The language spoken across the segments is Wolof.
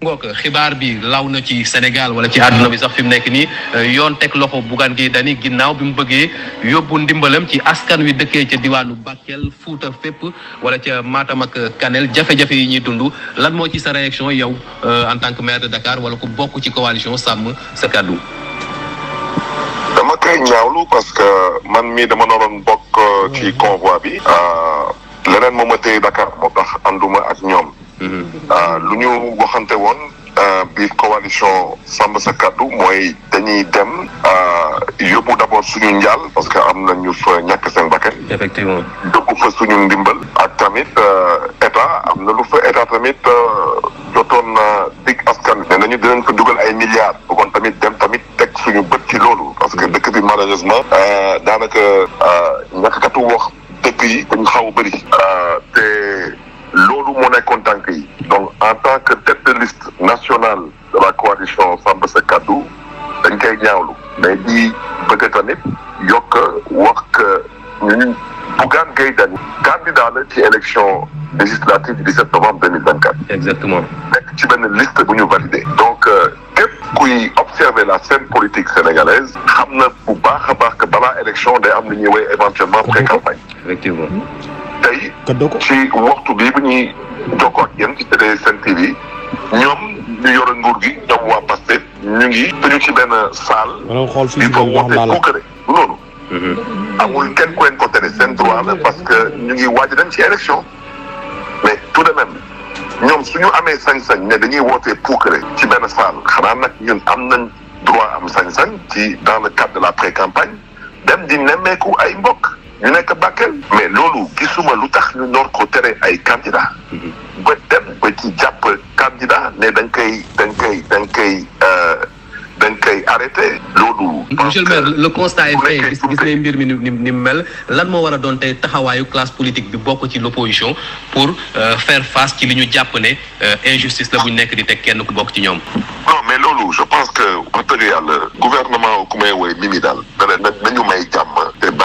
ngook xibaar bi law na ci Sénégal wala ci àdduna bi sax fi mu nekk nii euh, yoon teg loxo Bougane Gueye Dany ginnaaw bi mu bëggee yóbbu ndimbalam ci askan wi dëkkee ca diwaanu Bakel Fuuta fépp wala ca Matam ak Kanel jafe-jafe yi ñuy dund lan moo ci sa réaction yow euh, en tant que maire de Dakar wala ku bokk ci coalition sàmm sa kàddu dama koy ñaawlu parce que man mii dama naroon bokk euh, ci convoi bi leneen moo ma téye Dakar moo tax ànduma ak ñoom Euh, lu ñu waxante woon euh, bii coalition sàmm sa kàddu mooy dañuy dem euh, yóbbu d'abord suñu njaal parce que am na ñu fa ñàkk seen bakkan effectivement dëggu fa suñu ndimbal ak tamit état am na lu fa état tamit jotoon dig askan ne nañu dinañ fa dugal ay milliards kon tamit dem tamit teg suñu bët ci loolu parce que dëkk bi malheureusement daanaka ñàkkatu wax dëkk yi xaw a donc en tant que tête de liste nationale de la coalition Sàmm Sekadou, Kàddu dañ koy ñaawlu mais peut-être yokk que nous, candidat à l'élection législative du 17 novembre 2024. exactement Tu ci une liste pour nous valider. donc euh, observer la scène politique sénégalaise on ne bu que l'élection l'élection, on am éventuellement pré-campagne. effectivement. tey ci waxtu bi bu ñuy jokkoo ak yéen ci télé ñoom ñu yore nguur gi ñoom waa Pastef ñu ngi dañu ci benn salle. di ko wootee kookare loolu. Mhm. amul kenn ku leen ko tere seen droit la parce que ñu ngi waaj dem ci élection mais tout de même ñoom suñu amee sañ-sañ ne dañuy wootee puukare ci benn salle xanaa nag ñun am nañ droit am sañ-sañ ci dans le cadre de la pré-campagne dem di nemmeeku ay mbokk nekk Bakel mais loolu gisuma lu tax ñu noor ko tere ay candidat mhm. ba dem ba ci jàpp candidat ne da nga koy da nga koy da nga koy euh, da nga koy arrêté loolu. monsieur le maire le constat est fait gis gis nañ mbir mi ni ni mel lan moo war a doon tey taxawaayu classe politique bi bokk ci l'opposition pour euh, faire face ci li ñu jàpp ne euh, injustice la bu ñu nekk di teg kenn ku bokk ci ñoom. non mais loolu je pense que wax dëgg yàlla gouvernement ku may woy mi mi daal. na nañu may jàmm.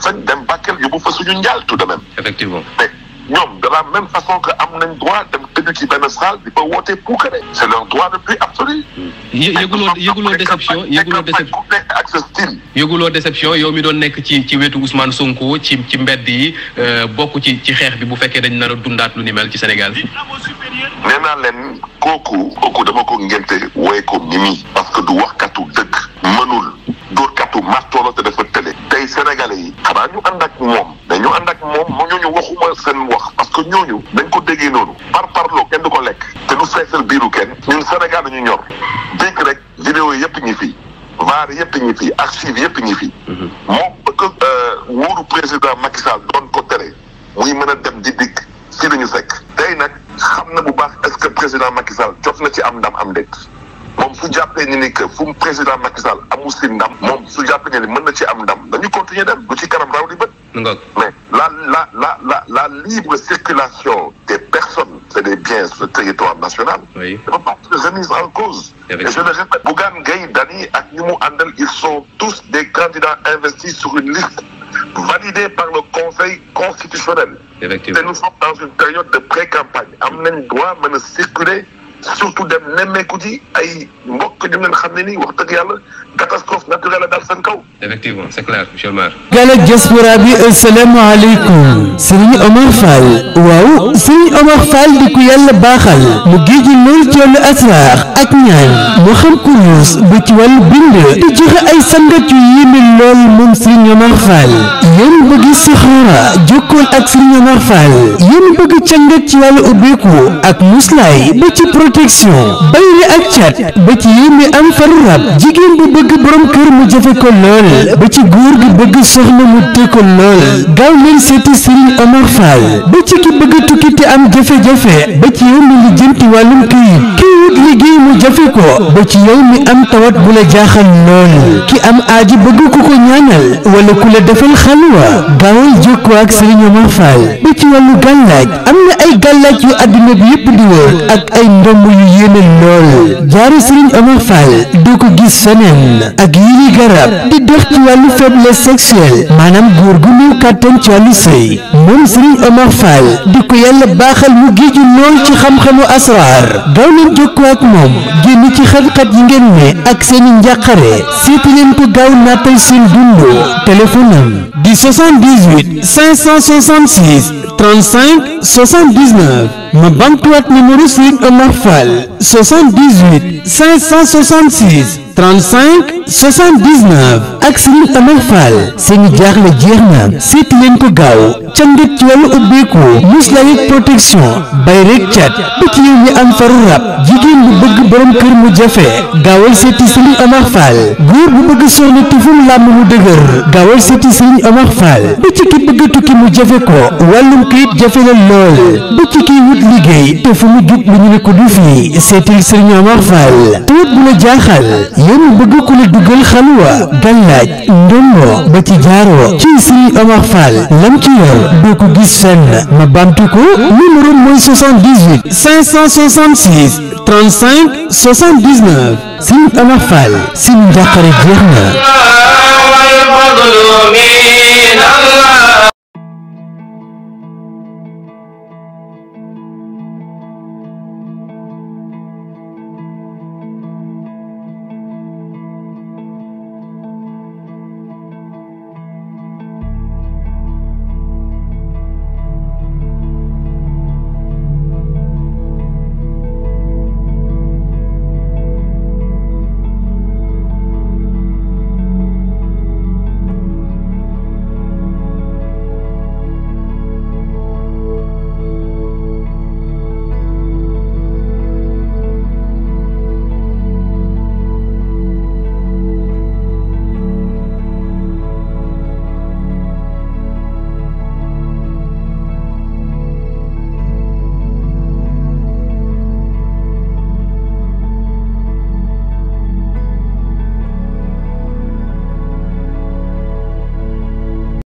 sañ-sañ dem Bakel yóbbu fa suñu njaal tout de même. effectivement mais ñoom de la même façon que am nañ droit dem tëju ci benn saal di fa woote puukare. c' est leur droit le plus absolu. yëguloo yëguloo déception yëguloo déception ak sa style. yëguloo déception yow mi doon nekk ci ci wetu Ousmane Sonko ci ci mbedd yi euh, bokk ci ci xeex bi bu fekkee dañ nar a dundaat lu ni mel ci Sénégal. nee naa leen kooku. kooku dama ko ngénte wooye ko mimi. parce que du waxkatu dëgg. mënul dóorkatu martolo te dafa tële. tey sénégalais yi. xanaa ñu ànd ak moom mais ñu ànd ak moom mu ñooñu waxuma seen wax parce que ñooñu dañ ko déggee noonu par parloo kenn du ko lekk te du feesal biiru kenn ñun Sénégal dañu ñor dégg rek vidéo yëpp ñi fi vaar yëpp ñi fii archive yëpp ñi fii mhm. moom bëgg wóoru euh, président Macky Sall doon ko tere mën a dem di dikk si ñu fekk tey nag xam na bu baax est que président Macky Sall jot na ci am ndam am déet moom su jàppee ni ni que fu président Macky Sall amul si ndam mom su jàppee ni mën na ci am ndam dañu continuer dem bu ci karam raw di mais la la la la la libre circulation des personnes et des biens sur le territoire national oui. ne peut pas être remise en cause et, et je le répète Bougane Gueye Dani, ak ñi mu ils sont tous des candidats investis sur une liste validée par le Conseil constitutionnel et nous sommes dans une période de pré-campagne am droit mën circuler surtout dem nemmeeku ci ay mbokk ñu leen xamné ni wax deug yàlla catastrophe naturelle la daal seen kaw. effectivement c'est clair monsieur le maire. Gala diaspora bi asalaamaaleykum Serigne Omar Fall waaw Serigne Omar Fall di ku yàlla baxal mu géeju lool ci wàllu asrar ak ñaan moo xam ba ci wàllu bind te joxe ay sangat yu yéeme lool moom Serigne Omar Fall yéen bëgg sixaara jokkool ak Serigne Omar Fall yéen bëgg cangat ci wàllu ubbeeku ak muslaay ba ci protection bayri ak cat ba ci yéeme am faru rab jigéen bu bëgg borom kër mu jafe ko lool ba ci góor gi bëgg soxna mu te ko lool gaaw leen seeti Serigne Omar Fall ba ci ki bëgg tukki am jafe-jafe ba ci yow mi li wàllum këyit wut liggéey mu jafe ko ba ci yow mi am tawat bu la jaaxal loolu ki am aaji bëgg ku ko ñaanal wala ku la defal wa gaawal jokkoo ak Sëriñ Omar Fall ba ci wàllu gàllaaj am na ay gàllaaj yu àdduna bi yëpp di wër ak ay ndomb yu yéene lool jaaru Sëriñ Omar Fall doo ko gis feneen ak yi ni garab di dox ci wàllu faiblesse sexuelle maanaam góor gu néew kàttan ci wàllu sëy moom Sëriñ Omar Fall di ko yàlla baaxal mu géeju lool ci xam-xamu asraar jokkoo ak moom génn ci xat yi ngeen ne ak seen seeni njàqare seeti leen ko gaaw nattal seen dund téléphone am di 78 566 35 79 ma bamtuwaat numéro Serigne Omar Fall 78 566 35 79 ak Serigne Omar Fall seeni jaaxle jeex na seeti leen ko gaaw candit ci wàllu ubbeeku musla yëg protection bay rek cat ba ci yow mi am faru rab jigéen bu bëgg borom kër mu jafe gaawal seeti Serigne Omar Fall góor bu bëgg soxna tuful làmb mu dëgër gaawal seeti Serigne Omar Fall ki bëgg tukki mu jafe ko wàllum kayit jafe la lool ba ci kiy liggéey te fu mu jub lu ñu ne ko du fii seetil sëriñ Omar Fall bu la jaaxal yéen a bëgg la dugal xalwa gàllaaj ndongo ba ci ci sëriñ Omar Fall lam ci yor doo ko gis fenn ma bamtu ko numéro mooy 78 566 35 79 sëriñ Omar Fall si njàqare jeex